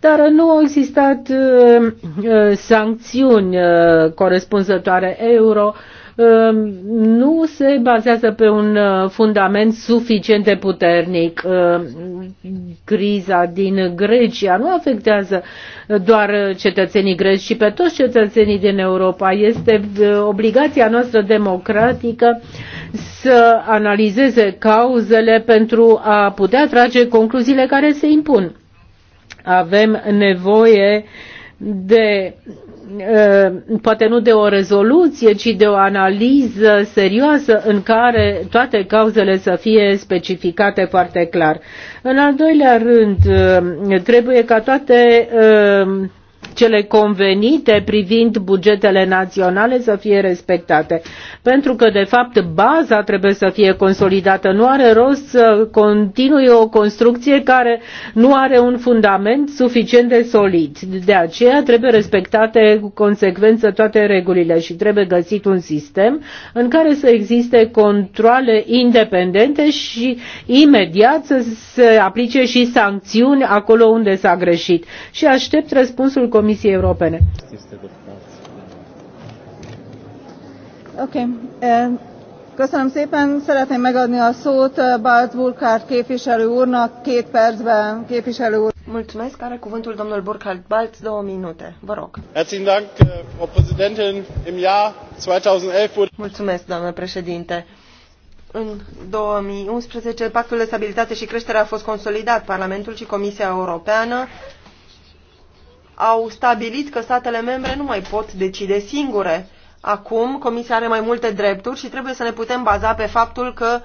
dar nu au existat uh, uh sancțiuni uh, corespunzătoare euro, uh, nu se bazează pe un uh, fundament suficient de puternic. Uh, criza din Grecia nu afectează doar cetățenii greci, ci pe toți cetățenii din Europa. Este obligația noastră democratică să analizeze cauzele pentru a putea trage concluziile care se impun avem nevoie de eh, poate nu de o rezoluție, ci de o analiză serioasă în care toate cauzele să fie specificate foarte clar. În al doilea rând, eh, trebuie ca toate eh, cele convenite privind bugetele naționale să fie respectate. Pentru că, de fapt, baza trebuie să fie consolidată. Nu are rost să continui o construcție care nu are un fundament suficient de solid. De aceea trebuie respectate cu consecvență toate regulile și trebuie găsit un sistem în care să existe controle independente și imediat să se aplice și sancțiuni acolo unde s-a greșit. Și aștept răspunsul Comisiei Europene. Okay. Eh, köszönöm szépen, szeretném megadni a szót eh, Bart Burkhardt képviselő úrnak, két percben képviselő úr. Mulțumesc, are cuvântul domnul Burkhardt Balz, două minute. Vă rog. Herzlichen Dank, eh, Frau Präsidentin. Im Jahr 2011 wurde... Mulțumesc, doamnă președinte. În 2011, Pactul de Stabilitate și Creștere a fost consolidat. Parlamentul și Comisia Europeană au stabilit că statele membre nu mai pot decide singure. Acum Comisia are mai multe drepturi și trebuie să ne putem baza pe faptul că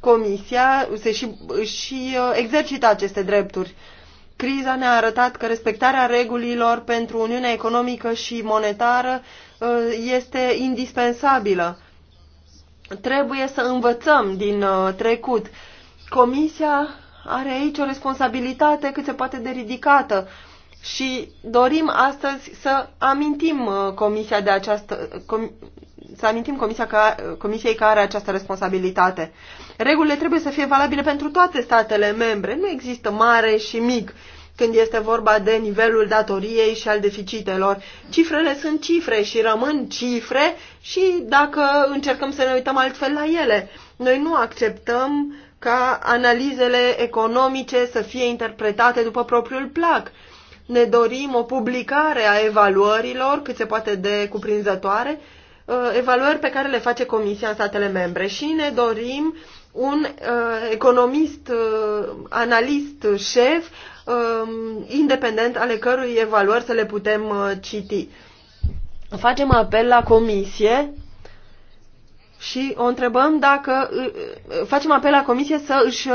Comisia se și, și uh, exercită aceste drepturi. Criza ne-a arătat că respectarea regulilor pentru Uniunea Economică și Monetară uh, este indispensabilă. Trebuie să învățăm din uh, trecut. Comisia are aici o responsabilitate cât se poate de ridicată și dorim astăzi să amintim uh, comisia de această, uh, com, să amintim comisia că, uh, comisiei care are această responsabilitate. Regulile trebuie să fie valabile pentru toate statele membre. Nu există mare și mic când este vorba de nivelul datoriei și al deficitelor. Cifrele sunt cifre și rămân cifre și dacă încercăm să ne uităm altfel la ele, noi nu acceptăm ca analizele economice să fie interpretate după propriul plac ne dorim o publicare a evaluărilor cât se poate de cuprinzătoare, uh, evaluări pe care le face Comisia în statele membre și ne dorim un uh, economist, uh, analist, șef, um, independent ale cărui evaluări să le putem citi. Facem apel la Comisie și o întrebăm dacă facem apel la Comisie să își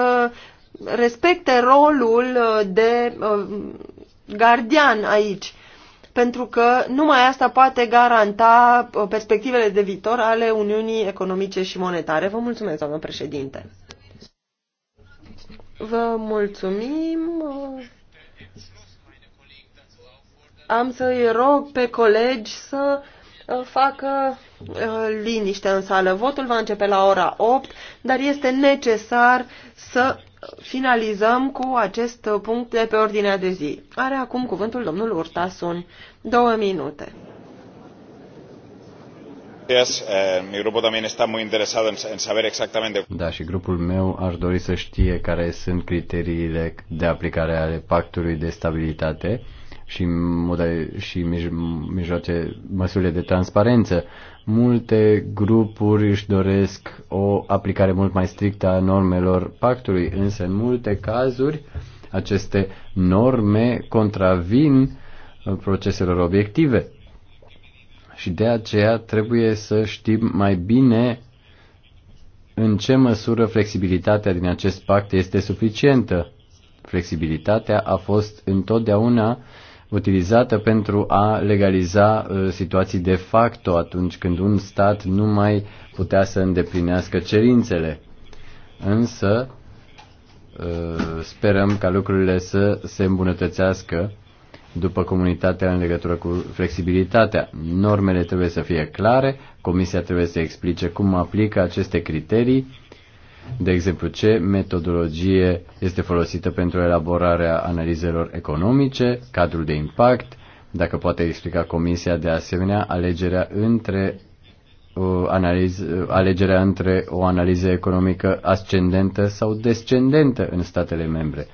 respecte rolul de gardian aici, pentru că numai asta poate garanta uh, perspectivele de viitor ale Uniunii Economice și Monetare. Vă mulțumesc, doamnă președinte. Vă mulțumim. Am să-i rog pe colegi să uh, facă uh, liniște în sală. Votul va începe la ora 8, dar este necesar să finalizăm cu acest punct de pe ordinea de zi. Are acum cuvântul domnul Urtasun. Două minute. Eh, da, și grupul meu aș dori să știe care sunt criteriile de aplicare ale pactului de stabilitate și, și mijloace, măsurile de transparență Multe grupuri își doresc o aplicare mult mai strictă a normelor pactului, însă în multe cazuri aceste norme contravin proceselor obiective. Și de aceea trebuie să știm mai bine în ce măsură flexibilitatea din acest pact este suficientă. Flexibilitatea a fost întotdeauna utilizată pentru a legaliza uh, situații de facto atunci când un stat nu mai putea să îndeplinească cerințele. Însă uh, sperăm ca lucrurile să se îmbunătățească după comunitatea în legătură cu flexibilitatea. Normele trebuie să fie clare, comisia trebuie să explice cum aplică aceste criterii de exemplu, ce metodologie este folosită pentru elaborarea analizelor economice, cadrul de impact, dacă poate explica Comisia de asemenea alegerea între uh, analiz, uh, alegerea între o analiză economică ascendentă sau descendentă în statele membre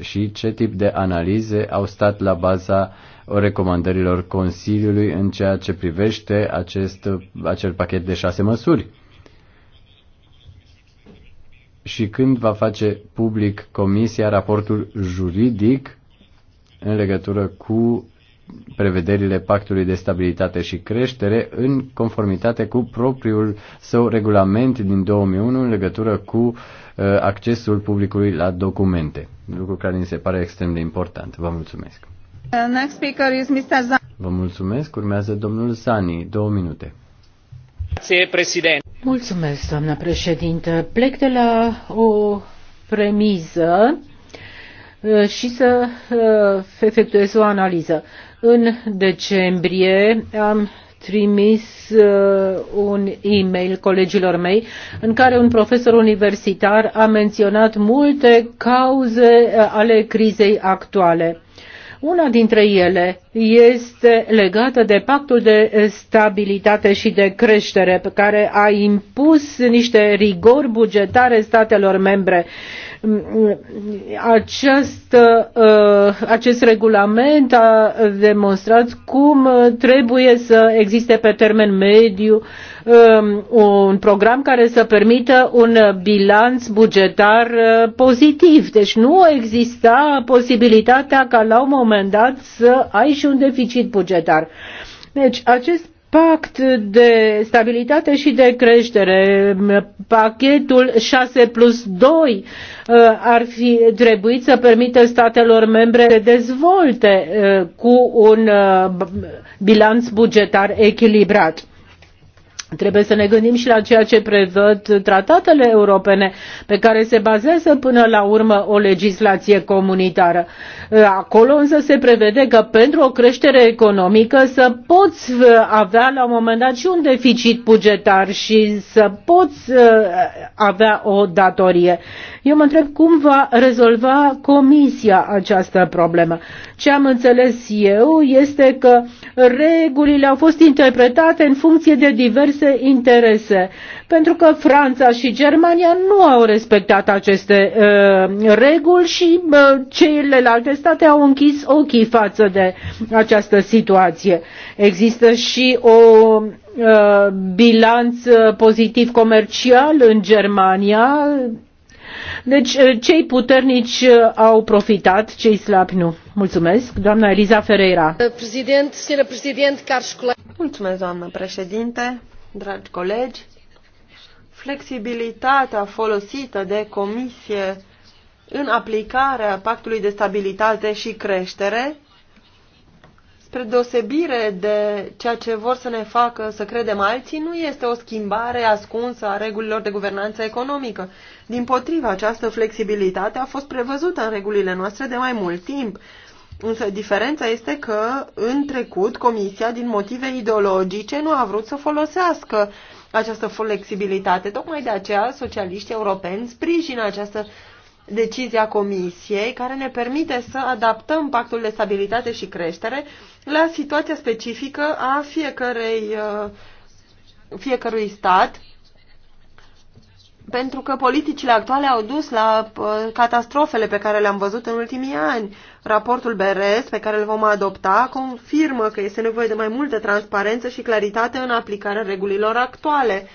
și ce tip de analize au stat la baza recomandărilor Consiliului în ceea ce privește acest, acel pachet de șase măsuri și când va face public Comisia raportul juridic în legătură cu prevederile Pactului de Stabilitate și Creștere în conformitate cu propriul său regulament din 2001 în legătură cu uh, accesul publicului la documente, lucru care mi se pare extrem de important. Vă mulțumesc. Uh, next speaker is Mr. Vă mulțumesc. Urmează domnul Zani, două minute. Mulțumesc, doamnă președinte. Plec de la o premiză uh, și să uh, efectuez o analiză. În decembrie am trimis uh, un e-mail colegilor mei în care un profesor universitar a menționat multe cauze ale crizei actuale. Una dintre ele este legată de pactul de stabilitate și de creștere pe care a impus niște rigori bugetare statelor membre acest, uh, acest regulament a demonstrat cum trebuie să existe pe termen mediu um, un program care să permită un bilanț bugetar uh, pozitiv. Deci nu exista posibilitatea ca la un moment dat să ai și un deficit bugetar. Deci acest pact de stabilitate și de creștere, pachetul 6 plus 2 uh, ar fi trebuit să permită statelor membre să dezvolte uh, cu un uh, bilanț bugetar echilibrat. Trebuie să ne gândim și la ceea ce prevăd tratatele europene pe care se bazează până la urmă o legislație comunitară. Uh, acolo însă se prevede că pentru o creștere economică să poți uh, avea la un moment dat și un deficit bugetar și să poți uh, avea o datorie. Eu mă întreb cum va rezolva Comisia această problemă. Ce am înțeles eu este că regulile au fost interpretate în funcție de diverse interese, pentru că Franța și Germania nu au respectat aceste uh, reguli și uh, celelalte state au închis ochii față de această situație. Există și o uh, bilanț uh, pozitiv comercial în Germania deci eh, cei puternici eh, au profitat, cei slabi nu. Mulțumesc. Doamna Eliza Ferreira. Președinte, președinte, colegi. Mulțumesc, doamnă președinte, dragi colegi. Flexibilitatea folosită de comisie în aplicarea pactului de stabilitate și creștere spre deosebire de ceea ce vor să ne facă să credem alții, nu este o schimbare ascunsă a regulilor de guvernanță economică. Din potriva, această flexibilitate a fost prevăzută în regulile noastre de mai mult timp. Însă diferența este că, în trecut, Comisia, din motive ideologice, nu a vrut să folosească această flexibilitate. Tocmai de aceea, socialiștii europeni sprijină această decizia Comisiei care ne permite să adaptăm pactul de stabilitate și creștere la situația specifică a fiecărei, uh, fiecărui stat, pentru că politicile actuale au dus la uh, catastrofele pe care le-am văzut în ultimii ani. Raportul BRS, pe care îl vom adopta, confirmă că este nevoie de mai multă transparență și claritate în aplicarea regulilor actuale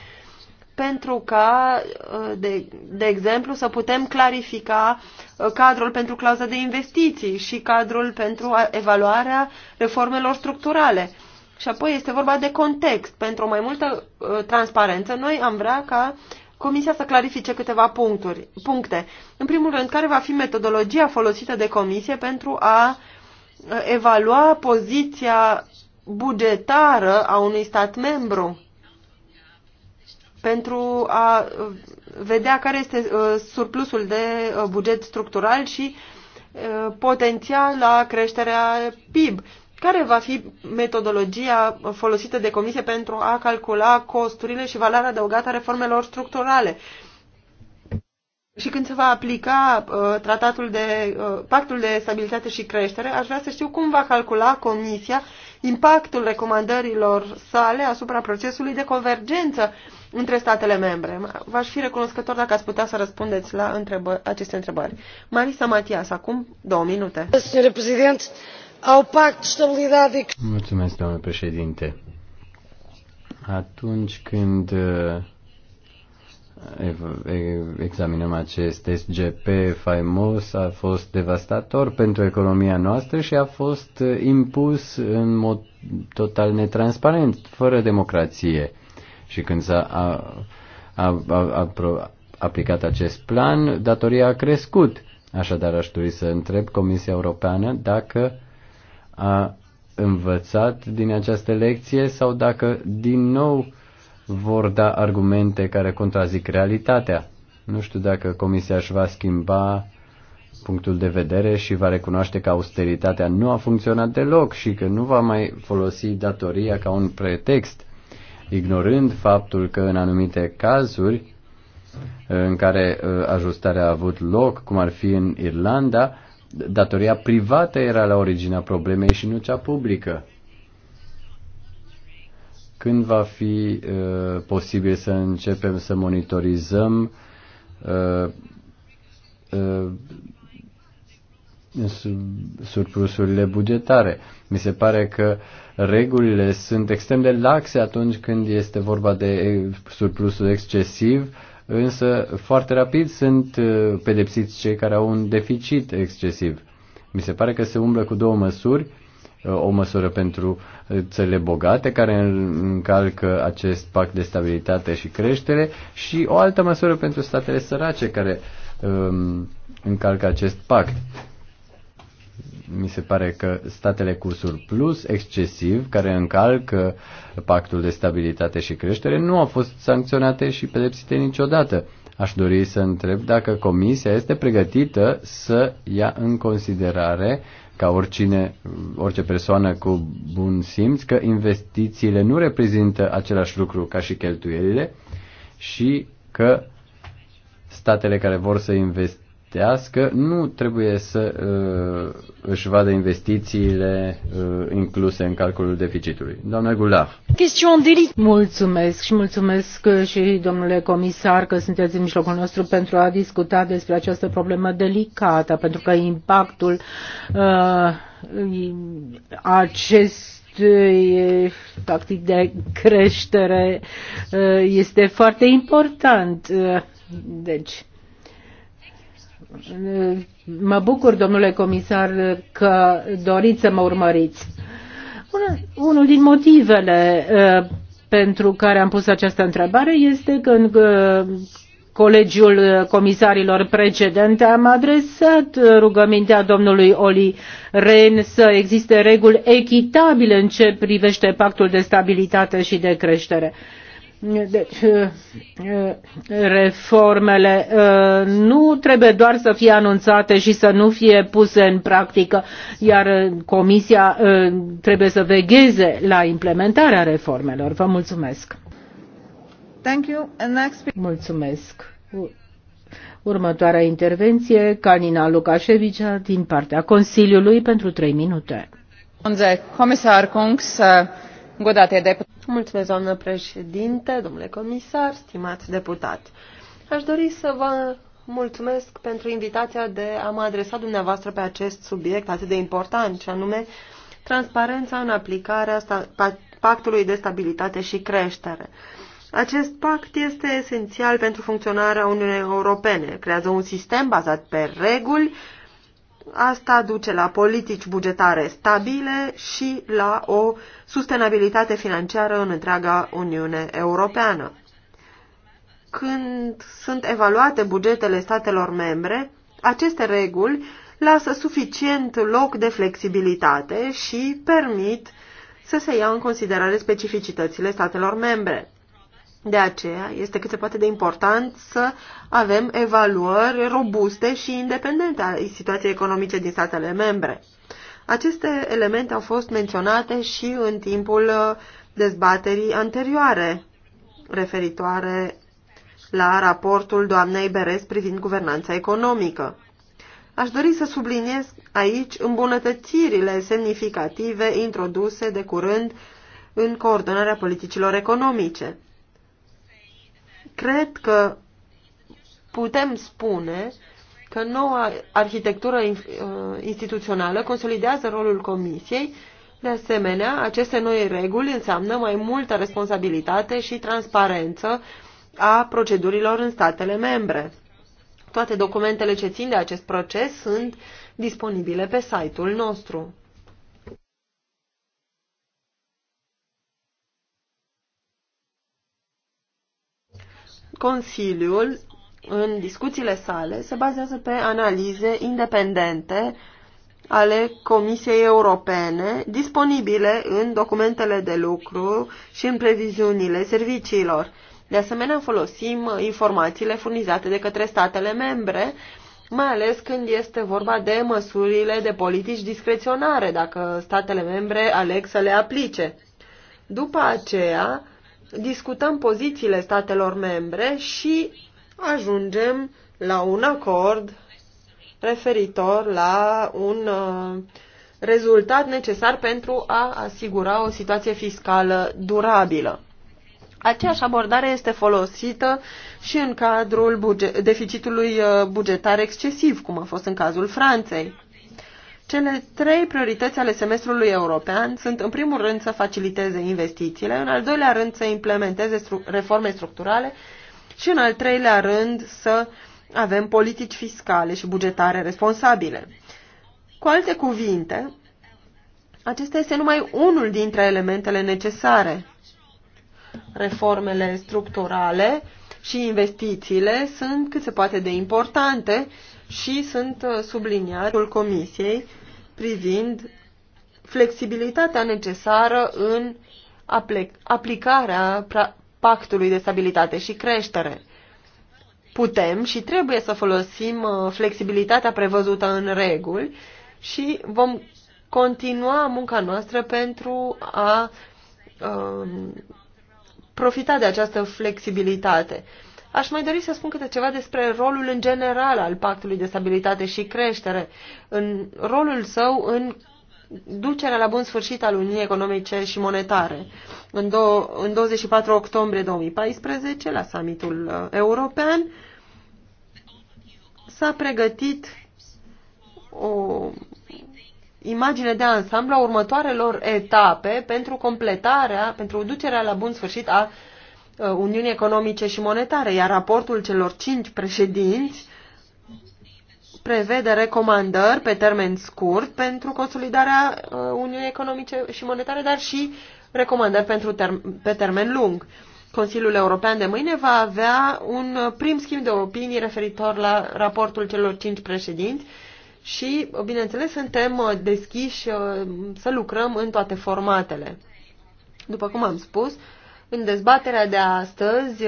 pentru ca, uh, de, de exemplu, să putem clarifica uh, cadrul pentru clauza de investiții și cadrul pentru evaluarea reformelor structurale. Și apoi este vorba de context. Pentru mai multă uh, transparență, noi am vrea ca Comisia să clarifice câteva puncturi, puncte. În primul rând, care va fi metodologia folosită de Comisie pentru a evalua poziția bugetară a unui stat membru? pentru a uh, vedea care este uh, surplusul de uh, buget structural și potențiala creșterea PIB. Care va fi metodologia folosită de comisie pentru a calcula costurile și valoarea adăugată a reformelor structurale? și când se va aplica uh, tratatul de, uh, pactul de stabilitate și creștere, aș vrea să știu cum va calcula Comisia impactul recomandărilor sale asupra procesului de convergență între statele membre. V-aș fi recunoscător dacă ați putea să răspundeți la întrebă aceste întrebări. Marisa Matias, acum două minute. Pact Stabilitate Mulțumesc, domnule președinte. Atunci când uh, examinăm acest SGP faimos, a fost devastator pentru economia noastră și a fost impus în mod total netransparent, fără democrație. Și când s-a a, a, a, a, aplicat acest plan, datoria a crescut. Așadar, aș dori să întreb Comisia Europeană dacă a învățat din această lecție sau dacă din nou uh, vor da argumente care contrazic realitatea. Nu știu dacă Comisia își va schimba punctul de vedere și va recunoaște că austeritatea nu a funcționat deloc și că nu va mai folosi datoria ca un pretext, ignorând faptul că în anumite cazuri în care uh, ajustarea a avut loc, cum ar fi în Irlanda, datoria privată era la originea problemei și nu cea publică. Când va fi uh, posibil să începem să monitorizăm uh, uh, surplusurile bugetare. Mi se pare că regulile sunt extrem de laxe atunci când este vorba de surplusul excesiv, însă foarte rapid sunt uh, pedepsiți cei care au un deficit excesiv. Mi se pare că se umblă cu două măsuri, uh, o măsură pentru țările bogate care încalcă acest pact de stabilitate și creștere și o altă măsură pentru statele sărace care um, încalcă acest pact. Mi se pare că statele cu surplus excesiv care încalcă pactul de stabilitate și creștere nu au fost sancționate și pedepsite niciodată. Aș dori să întreb dacă Comisia este pregătită să ia în considerare ca oricine, orice persoană cu bun simț că investițiile nu reprezintă același lucru ca și cheltuielile și că statele care vor să investească investească nu trebuie să uh, își vadă investițiile uh, incluse în calculul deficitului. Doamna Gulaf. Mulțumesc și mulțumesc uh, și domnule comisar că sunteți în mijlocul nostru pentru a discuta despre această problemă delicată, pentru că impactul uh, acest tactic uh, de creștere uh, este foarte important. Deci, mă bucur, domnule comisar, că doriți să mă urmăriți. Unul din motivele uh, pentru care am pus această întrebare este că în uh, colegiul comisarilor precedente am adresat rugămintea domnului Oli Ren să existe reguli echitabile în ce privește pactul de stabilitate și de creștere. Deci, uh, uh, reformele uh, nu trebuie doar să fie anunțate și să nu fie puse în practică, iar Comisia trebuie să vegheze la implementarea reformelor. Vă mulțumesc! Thank you. And next... Mulțumesc! Următoarea intervenție, Canina Lukașevica, din partea Consiliului, pentru trei minute. Comisar Kungs, încă deputat. Mulțumesc, doamnă președinte, domnule comisar, stimați deputați. Aș dori să vă mulțumesc pentru invitația de a mă adresa dumneavoastră pe acest subiect atât de important, și anume transparența în aplicarea Pactului de Stabilitate și Creștere. Acest pact este esențial pentru funcționarea Uniunii Europene. Creează un sistem bazat pe reguli Asta duce la politici bugetare stabile și la o sustenabilitate financiară în întreaga Uniune Europeană. Când sunt evaluate bugetele statelor membre, aceste reguli lasă suficient loc de flexibilitate și permit să se ia în considerare specificitățile statelor membre. De aceea este cât se poate de important să avem evaluări robuste și independente a situației economice din statele membre. Aceste elemente au fost menționate și în timpul uh, dezbaterii anterioare referitoare la raportul doamnei Beres privind guvernanța economică. Aș dori să subliniez aici îmbunătățirile semnificative introduse de curând în coordonarea politicilor economice. Cred că putem spune că noua arhitectură uh, instituțională consolidează rolul Comisiei. De asemenea, aceste noi reguli înseamnă mai multă responsabilitate și transparență a procedurilor în statele membre. Toate documentele ce țin de acest proces sunt disponibile pe site-ul nostru. Consiliul, în discuțiile sale, se bazează pe analize independente ale Comisiei Europene, disponibile în documentele de lucru și în previziunile serviciilor. De asemenea, folosim informațiile furnizate de către statele membre, mai ales când este vorba de măsurile de politici discreționare, dacă statele membre aleg să le aplice. După aceea, discutăm pozițiile statelor membre și ajungem la un acord referitor la un uh, rezultat necesar pentru a asigura o situație fiscală durabilă. Aceeași abordare este folosită și în cadrul buge deficitului uh, bugetar excesiv, cum a fost în cazul Franței. Cele trei priorități ale semestrului european sunt, în primul rând, să faciliteze investițiile, în al doilea rând, să implementeze stru reforme structurale și, în al treilea rând, să avem politici fiscale și bugetare responsabile. Cu alte cuvinte, acesta este numai unul dintre elementele necesare. Reformele structurale și investițiile sunt cât se poate de importante și sunt uh, subliniatul Comisiei privind flexibilitatea necesară în aplicarea pactului de stabilitate și creștere. Putem și trebuie să folosim uh, flexibilitatea prevăzută în reguli și vom continua munca noastră pentru a um, profita de această flexibilitate. Aș mai dori să spun câte ceva despre rolul în general al Pactului de Stabilitate și Creștere, în rolul său în ducerea la bun sfârșit al Uniunii Economice și Monetare. În, do- în 24 octombrie 2014, la summitul uh, european, s-a pregătit o imagine de ansamblu a următoarelor etape pentru completarea, pentru ducerea la bun sfârșit a Uh, Uniunii Economice și Monetare, iar raportul celor cinci președinți prevede recomandări pe termen scurt pentru consolidarea uh, Uniunii Economice și Monetare, dar și recomandări pentru term pe termen lung. Consiliul European de mâine va avea un prim schimb de opinii referitor la raportul celor cinci președinți și, bineînțeles, suntem uh, deschiși să lucrăm în toate formatele. După cum am spus, în dezbaterea de astăzi,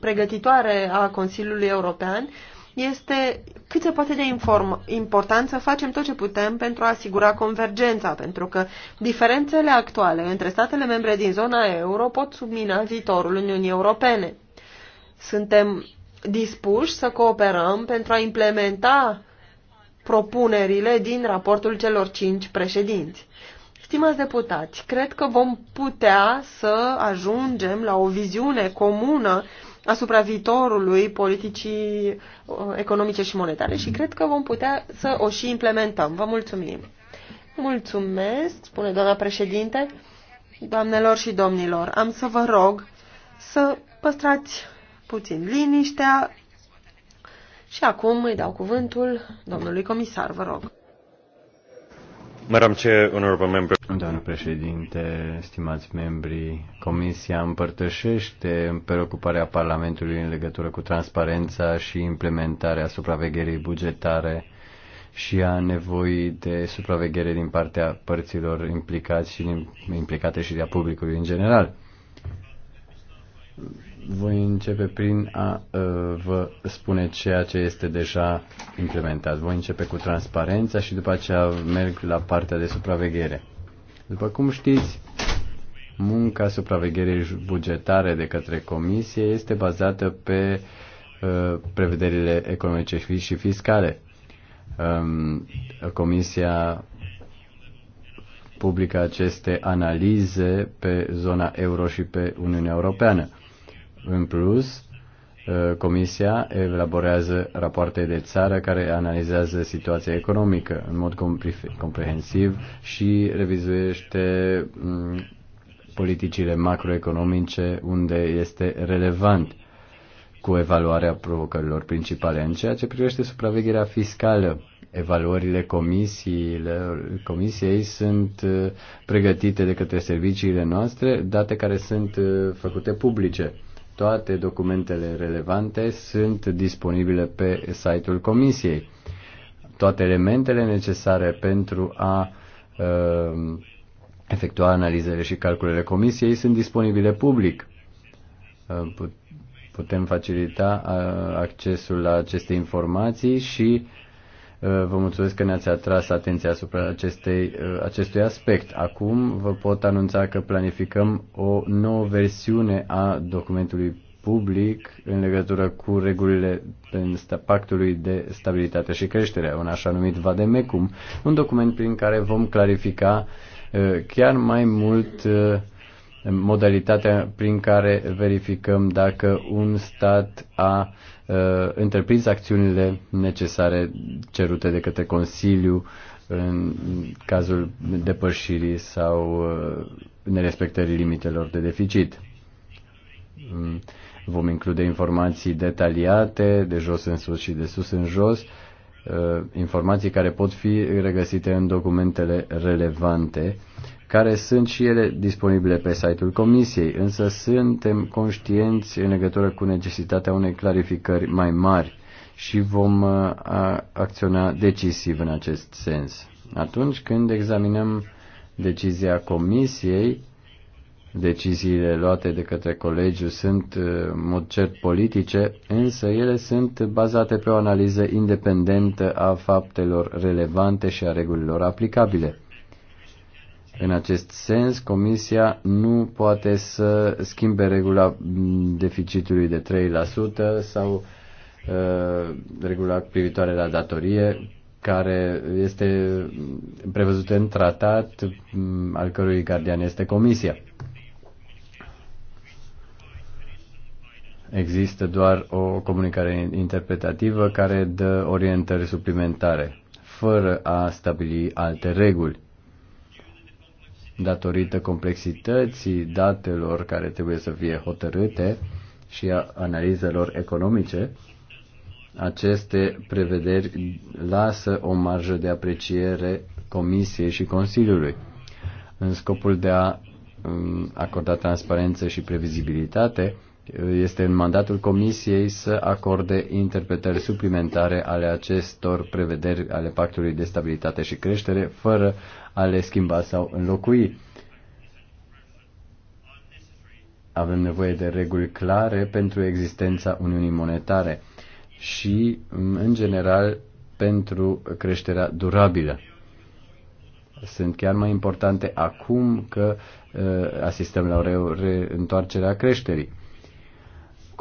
pregătitoare a Consiliului European, este cât se poate de important să facem tot ce putem pentru a asigura convergența, pentru că diferențele actuale între statele membre din zona euro pot submina viitorul Uniunii Europene. Suntem dispuși să cooperăm pentru a implementa propunerile din raportul celor cinci președinți. Stimați deputați, cred că vom putea să ajungem la o viziune comună asupra viitorului politicii uh, economice și monetare și cred că vom putea să o și implementăm. Vă mulțumim! Mulțumesc, spune doamna președinte. Doamnelor și domnilor, am să vă rog să păstrați puțin liniștea și acum îi dau cuvântul domnului comisar, vă rog. Madam Doamnă președinte, stimați membri, Comisia împărtășește preocuparea Parlamentului în legătură cu transparența și implementarea supravegherii bugetare și a nevoii de supraveghere din partea părților implicați și implicate și de a publicului în general. Voi începe prin a ă, vă spune ceea ce este deja implementat. Voi începe cu transparența și după aceea merg la partea de supraveghere. După cum știți, munca supravegherii bugetare de către comisie este bazată pe ă, prevederile economice și fiscale. Comisia publică aceste analize pe zona euro și pe Uniunea Europeană. În plus, uh, Comisia elaborează rapoarte de țară care analizează situația economică în mod comprehensiv și revizuiește mm, politicile macroeconomice unde este relevant cu evaluarea provocărilor principale. În ceea ce privește supravegherea fiscală, evaluările comisiei sunt uh, pregătite de către serviciile noastre, date care sunt uh, făcute publice toate documentele relevante sunt disponibile pe site-ul Comisiei. Toate elementele necesare pentru a uh, efectua analizele și calculele Comisiei sunt disponibile public. Uh, putem facilita uh, accesul la aceste informații și Uh, vă mulțumesc că ne-ați atras atenția asupra acestei, uh, acestui aspect. Acum vă pot anunța că planificăm o nouă versiune a documentului public în legătură cu regulile pactului de stabilitate și creștere, un așa numit vademecum, un document prin care vom clarifica uh, chiar mai mult modalitatea prin care verificăm dacă un stat a Uh, întreprins acțiunile necesare cerute de către Consiliu în cazul depășirii sau uh, nerespectării limitelor de deficit. Mm, vom include informații detaliate, de jos în sus și de sus în jos, uh, informații care pot fi regăsite în documentele relevante care sunt și ele disponibile pe site-ul Comisiei, însă suntem conștienți în legătură cu necesitatea unei clarificări mai mari și vom uh, acționa decisiv în acest sens. Atunci când examinăm decizia Comisiei, deciziile luate de către colegiu sunt uh, în mod cert politice, însă ele sunt bazate pe o analiză independentă a faptelor relevante și a regulilor aplicabile. În acest sens, Comisia nu poate să schimbe regula deficitului de 3% sau uh, regula privitoare la datorie, care este prevăzută în tratat, mm, al cărui gardian este Comisia. Există doar o comunicare interpretativă care dă orientări suplimentare, fără a stabili alte reguli datorită complexității datelor care trebuie să fie hotărâte și a analizelor economice, aceste prevederi lasă o marjă de apreciere Comisiei și Consiliului în scopul de a mm, acorda transparență și previzibilitate, este în mandatul Comisiei să acorde interpretări suplimentare ale acestor prevederi ale Pactului de Stabilitate și Creștere, fără a le schimba sau înlocui. Avem nevoie de reguli clare pentru existența Uniunii Monetare și, în general, pentru creșterea durabilă. Sunt chiar mai importante acum că uh, asistăm la o reîntoarcere a creșterii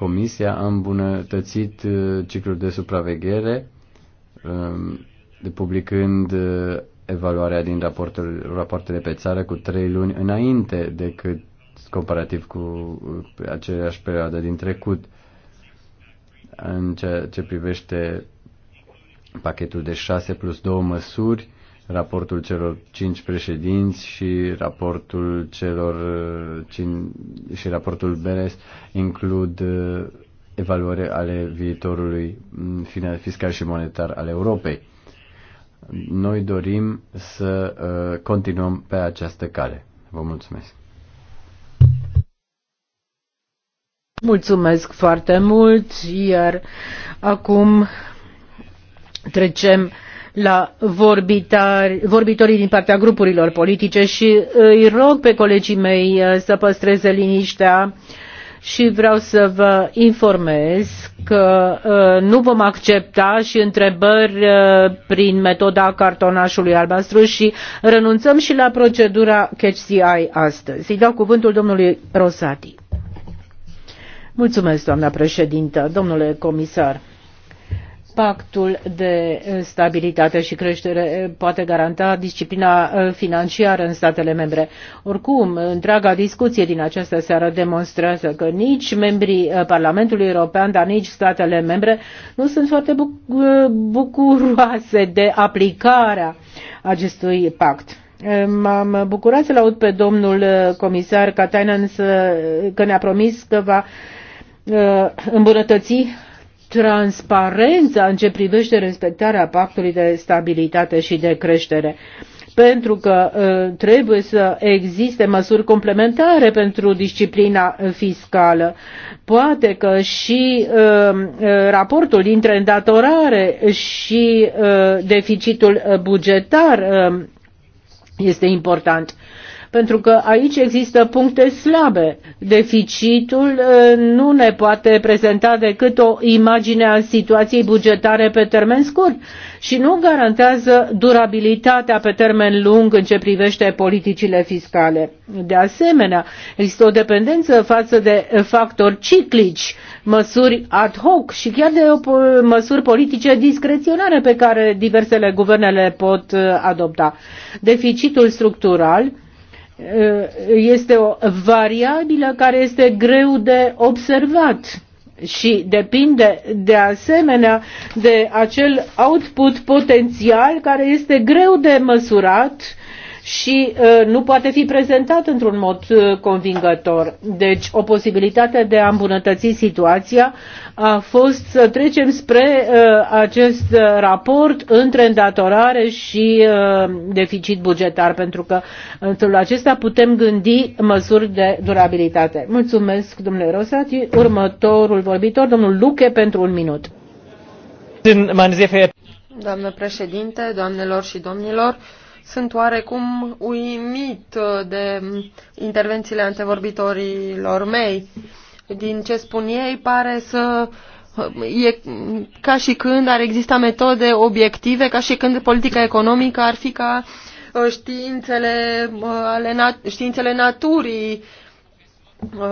Comisia a îmbunătățit uh, ciclul de supraveghere, um, publicând uh, evaluarea din raportele, rapoartele pe țară cu trei luni înainte decât comparativ cu uh, aceeași perioadă din trecut. În ceea ce privește pachetul de 6 plus 2 măsuri, raportul celor cinci președinți și raportul celor uh, cin- și raportul Beres includ uh, evaluări ale viitorului mm, fiscal și monetar al Europei. Noi dorim să uh, continuăm pe această cale. Vă mulțumesc. Mulțumesc foarte mult, iar acum trecem la vorbitorii din partea grupurilor politice și uh, îi rog pe colegii mei uh, să păstreze liniștea și vreau să vă informez că uh, nu vom accepta și întrebări prin metoda cartonașului albastru și renunțăm și la procedura Catch the Eye astăzi. Îi dau cuvântul domnului Rosati. Mulțumesc, doamna președintă, domnule comisar. Pactul de stabilitate și creștere poate garanta disciplina uh, financiară în statele membre. Oricum, întreaga discuție din această seară demonstrează că nici membrii uh, Parlamentului European, dar nici statele membre nu sunt foarte uh, bucuroase de aplicarea acestui pact. M-am bucurat să-l aud pe domnul comisar Katainen că ne-a promis că va îmbunătăți transparența în ce privește respectarea pactului de stabilitate și de creștere pentru că uh, trebuie să existe măsuri complementare pentru disciplina fiscală. Poate că și uh, uh, raportul dintre îndatorare și deficitul bugetar este important pentru că aici există puncte slabe. Deficitul uh, nu ne poate prezenta decât o imagine a situației bugetare pe termen scurt și nu garantează durabilitatea pe termen lung în ce privește politicile fiscale. De asemenea, există o dependență față de factori ciclici, măsuri ad hoc și chiar de o, măsuri politice discreționare pe care diversele guverne le pot uh, adopta. Deficitul structural este o variabilă care este greu de observat și depinde de asemenea de acel output potențial care este greu de măsurat și nu poate fi prezentat într-un mod convingător. Deci o posibilitate de a îmbunătăți situația a fost să trecem spre acest raport între îndatorare și deficit bugetar, pentru că în felul acesta putem gândi măsuri de durabilitate. Mulțumesc, domnule Rosati. Următorul vorbitor, domnul Luche, pentru un minut. Doamnă președinte, doamnelor și domnilor, sunt oarecum uimit uh, de intervențiile antevorbitorilor mei. Din ce spun ei, pare să uh, e ca și când ar exista metode obiective, ca și când politica economică ar fi ca uh, științele, ale nat- științele naturii,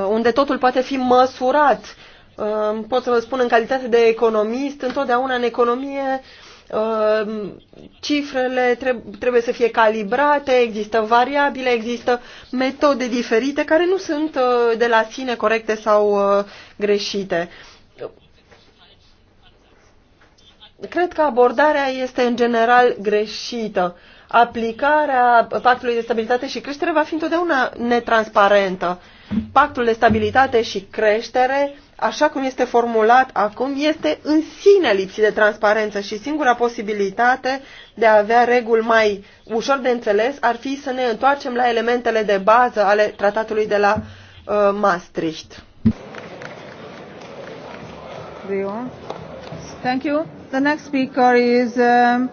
unde totul poate fi măsurat. Pot să vă spun, în calitate de economist, întotdeauna în economie Ehm, cifrele trebuie să fie calibrate, există variabile, există metode diferite care nu sunt uh, de la sine corecte sau uh, greșite. Cred că abordarea este în general greșită. Aplicarea pactului de stabilitate și creștere va fi întotdeauna netransparentă. Pactul de stabilitate și creștere așa cum este formulat acum, este în sine lipsit de transparență și singura posibilitate de a avea reguli mai ușor de înțeles ar fi să ne întoarcem la elementele de bază ale tratatului de la uh, Maastricht. Thank you. The next speaker is, uh...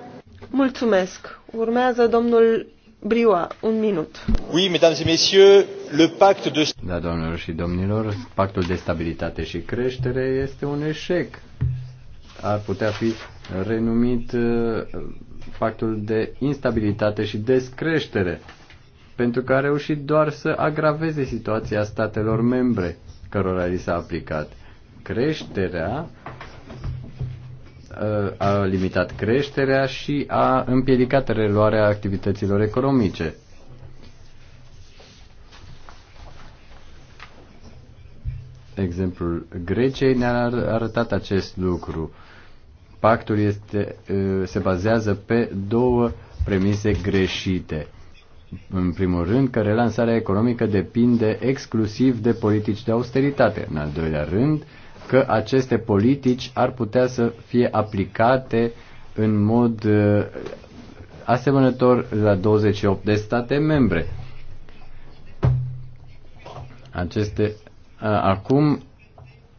Mulțumesc. Urmează domnul Brioa. Un minut. Oui, mesdames et messieurs, le de... Da, domnilor și domnilor, pactul de stabilitate și creștere este un eșec. Ar putea fi renumit uh, pactul de instabilitate și descreștere, pentru că a reușit doar să agraveze situația statelor membre cărora li s-a aplicat. Creșterea uh, a limitat creșterea și a împiedicat reluarea activităților economice. exemplul Greciei ne-a arătat acest lucru. Pactul este, se bazează pe două premise greșite. În primul rând că relansarea economică depinde exclusiv de politici de austeritate. În al doilea rând că aceste politici ar putea să fie aplicate în mod asemănător la 28 de state membre. Aceste acum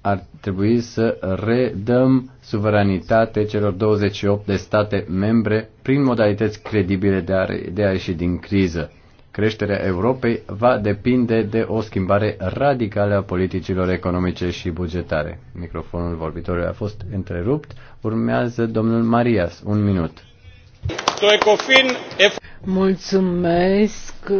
ar trebui să redăm suveranitate celor 28 de state membre prin modalități credibile de a, de a ieși din criză. Creșterea Europei va depinde de o schimbare radicală a politicilor economice și bugetare. Microfonul vorbitorului a fost întrerupt. Urmează domnul Marias. Un minut. Mulțumesc.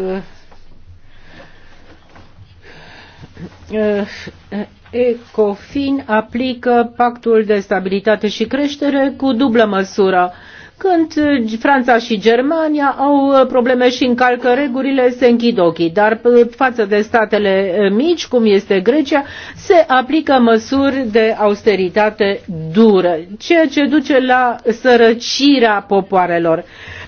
Eh, eh, ECOFIN aplică pactul de stabilitate și creștere cu dublă măsură. Când eh, Franța și Germania au probleme și încalcă regulile, se închid ochii, dar față de statele mici, cum este Grecia, se aplică măsuri de austeritate dură, ceea ce duce la sărăcirea popoarelor.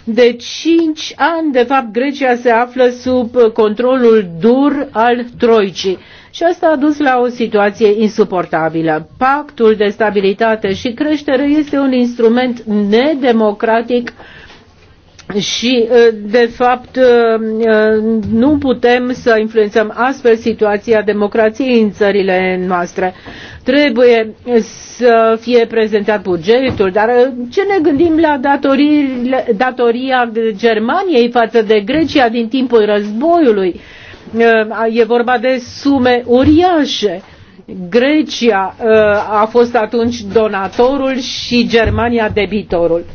De cinci ani, de fapt, Grecia se află sub controlul dur al Troicii și asta a dus la o situație insuportabilă. Pactul de stabilitate și creștere este un instrument nedemocratic uh, și, ă, de fapt, ă, ă, nu putem să influențăm astfel situația democrației în țările noastre. Trebuie să fie prezentat bugetul, dar ce ne gândim la datoria Germaniei față de Grecia din timpul războiului? E vorba de sume uriașe. Grecia a fost atunci donatorul și Germania debitorul.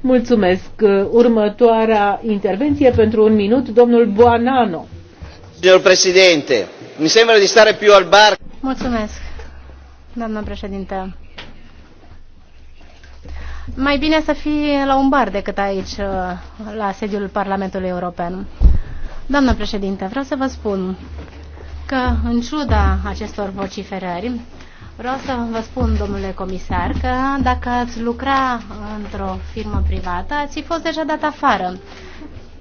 Mulțumesc. Următoarea intervenție pentru un minut, domnul Buanano. Domnul președinte, mi sembra de stare più al bar. Mulțumesc, doamnă președinte. Mai bine să fii la un bar decât aici, uh, la sediul Parlamentului European. Doamnă președinte, vreau să vă spun că, în ciuda acestor vociferări, Vreau să vă spun, domnule comisar, că dacă ați lucra într-o firmă privată, ați fi fost deja dat afară,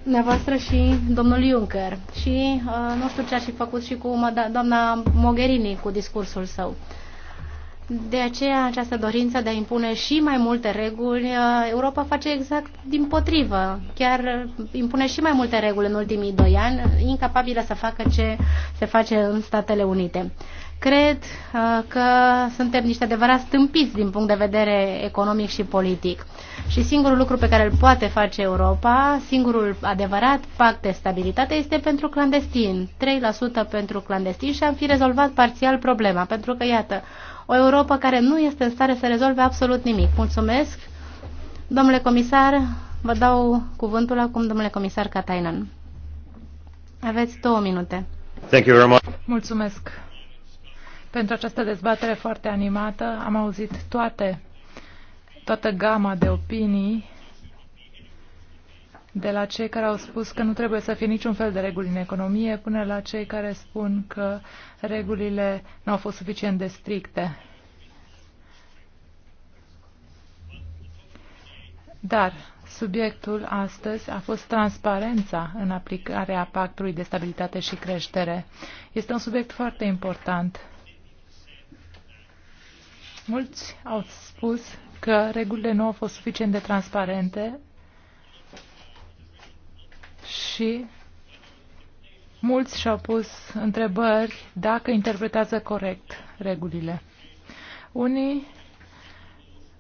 dumneavoastră și domnul Juncker. Și uh, nu știu ce aș fi făcut și cu da, doamna Mogherini cu discursul său. De aceea această dorință de a impune și mai multe reguli, uh, Europa face exact din potrivă. Chiar uh, impune și mai multe reguli în ultimii doi ani, incapabilă să facă ce se face în Statele Unite. Cred uh, că suntem niște adevărat stâmpiți din punct de vedere economic și politic. Și singurul lucru pe care îl poate face Europa, singurul adevărat pact de stabilitate este pentru clandestin. 3% pentru clandestin și am fi rezolvat parțial problema, pentru că, iată, o Europa care nu este în stare să rezolve absolut nimic. Mulțumesc! Domnule comisar, vă dau cuvântul acum, domnule comisar Katainen. Aveți două minute. Thank you very much. Mulțumesc pentru această dezbatere foarte animată. Am auzit toate, toată gama de opinii de la cei care au spus că nu trebuie să fie niciun fel de reguli în economie până la cei care spun că regulile nu au fost suficient de stricte. Dar subiectul astăzi a fost transparența în aplicarea pactului de stabilitate și creștere. Este un subiect foarte important Mulți au spus că regulile nu au fost suficient de transparente și mulți și-au pus întrebări dacă interpretează corect regulile. Unii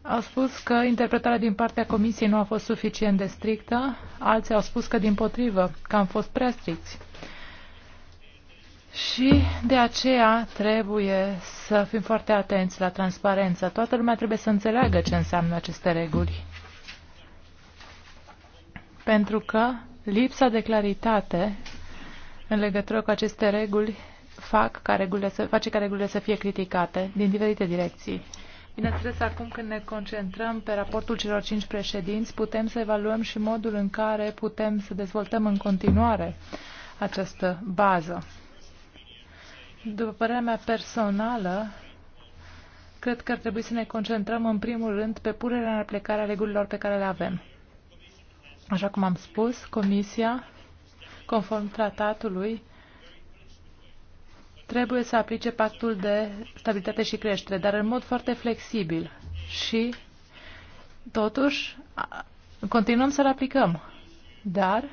au spus că interpretarea din partea Comisiei nu a fost suficient de strictă, alții au spus că din potrivă, că am fost prea stricți. Și de aceea trebuie să fim foarte atenți la transparență. Toată lumea trebuie să înțeleagă ce înseamnă aceste reguli. Pentru că lipsa de claritate în legătură cu aceste reguli fac ca regulile să, face ca regulile să fie criticate din diferite direcții. Bineînțeles, acum când ne concentrăm pe raportul celor cinci președinți, putem să evaluăm și modul în care putem să dezvoltăm în continuare această bază. După părerea mea personală, cred că ar trebui să ne concentrăm în primul rând pe punerea în aplicare a regulilor pe care le avem. Așa cum am spus, Comisia, conform tratatului, trebuie să aplice pactul de stabilitate și creștere, dar în mod foarte flexibil. Și, totuși, continuăm să-l aplicăm. Dar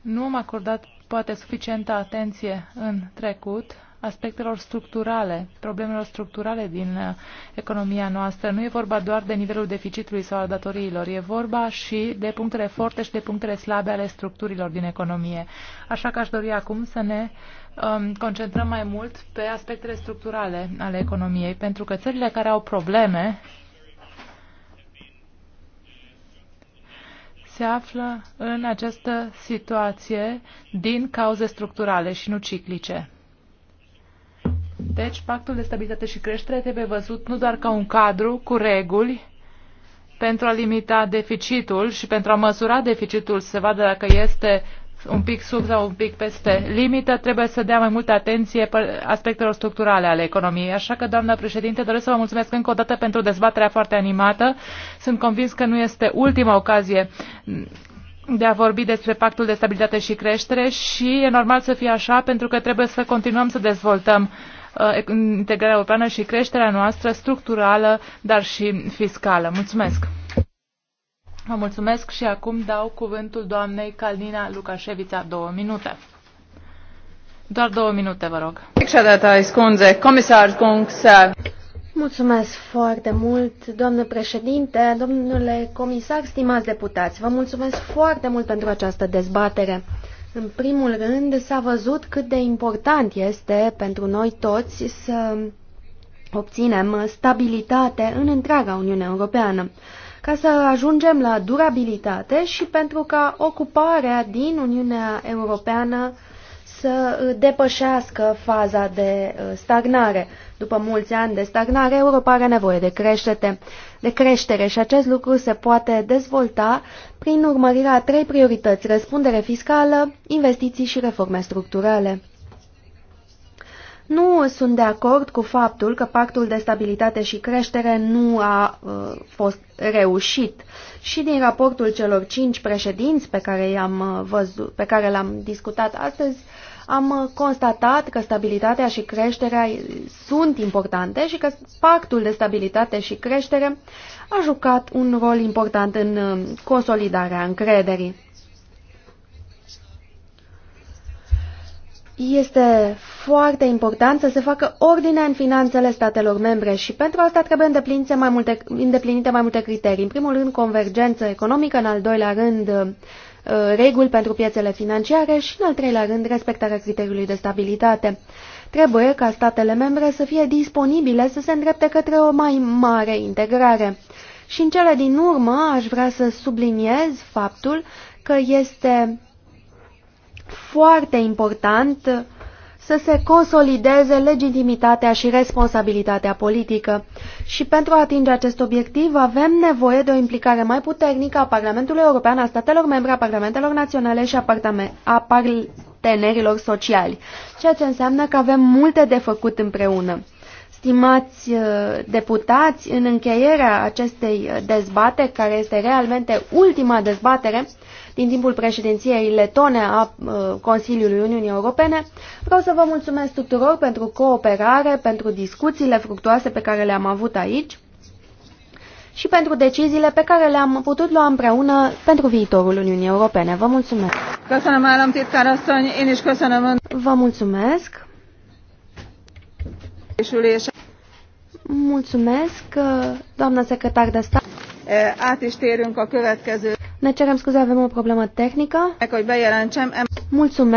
nu am acordat poate suficientă atenție în trecut aspectelor structurale, problemelor structurale din uh, economia noastră. Nu e vorba doar de nivelul deficitului sau al datoriilor, e vorba și de punctele forte și de punctele slabe ale structurilor din economie. Așa că aș dori acum să ne um, concentrăm mai mult pe aspectele structurale ale economiei, pentru că țările care au probleme se află în această situație din cauze structurale și nu ciclice. Deci, pactul de stabilitate și creștere trebuie văzut nu doar ca un cadru cu reguli pentru a limita deficitul și pentru a măsura deficitul, să vadă dacă este un pic sub sau un pic peste limită, trebuie să dea mai multă atenție aspectelor structurale ale economiei. Așa că, doamnă președinte, doresc să vă mulțumesc încă o dată pentru dezbaterea foarte animată. Sunt convins că nu este ultima ocazie de a vorbi despre pactul de stabilitate și creștere și e normal să fie așa pentru că trebuie să continuăm să dezvoltăm uh, integrarea europeană și creșterea noastră structurală, dar și fiscală. Mulțumesc! Vă mulțumesc și acum dau cuvântul doamnei Calnina Lukașevița, două minute. Doar două minute, vă rog. comisar Mulțumesc foarte mult, doamnă președinte, domnule comisar, stimați deputați. Vă mulțumesc foarte mult pentru această dezbatere. În primul rând, s-a văzut cât de important este pentru noi toți să obținem stabilitate în întreaga Uniune Europeană ca să ajungem la durabilitate și pentru ca ocuparea din Uniunea Europeană să depășească faza de uh, stagnare. După mulți ani de stagnare, Europa are nevoie de creștere, de creștere și acest lucru se poate dezvolta prin urmărirea trei priorități, răspundere fiscală, investiții și reforme structurale. Nu sunt de acord cu faptul că pactul de stabilitate și creștere nu a uh, fost reușit. Și din raportul celor cinci președinți pe care, -am uh, văzut, pe care l-am discutat astăzi, am uh, constatat că stabilitatea și creșterea sunt importante și că pactul de stabilitate și creștere a jucat un rol important în uh, consolidarea încrederii. Este foarte important să se facă ordine în finanțele statelor membre și pentru asta trebuie îndeplinite mai multe, îndeplinite mai multe criterii. În primul rând, convergență economică, în al doilea rând, uh, reguli pentru piețele financiare și, în al treilea rând, respectarea criteriului de stabilitate. Trebuie ca statele membre să fie disponibile să se îndrepte către o mai mare integrare. Și în cele din urmă aș vrea să subliniez faptul că este foarte important să se consolideze legitimitatea și responsabilitatea politică. Și pentru a atinge acest obiectiv avem nevoie de o implicare mai puternică a Parlamentului European, a statelor membre, a Parlamentelor Naționale și a, a partenerilor sociali, ceea ce înseamnă că avem multe de făcut împreună. Stimați uh, deputați, în încheierea acestei uh, dezbateri, care este realmente ultima dezbatere, din timpul președinției letone a uh, Consiliului Uniunii Europene. Vreau să vă mulțumesc tuturor pentru cooperare, pentru discuțiile fructuoase pe care le-am avut aici și pentru deciziile pe care le-am putut lua împreună pentru viitorul Uniunii Europene. Vă mulțumesc! Vă mulțumesc! Mulțumesc, uh, doamna secretar de stat. Eh, át is térünk a következő. Ne cerem scuze, avem o problemă tehnică. Mulțumesc.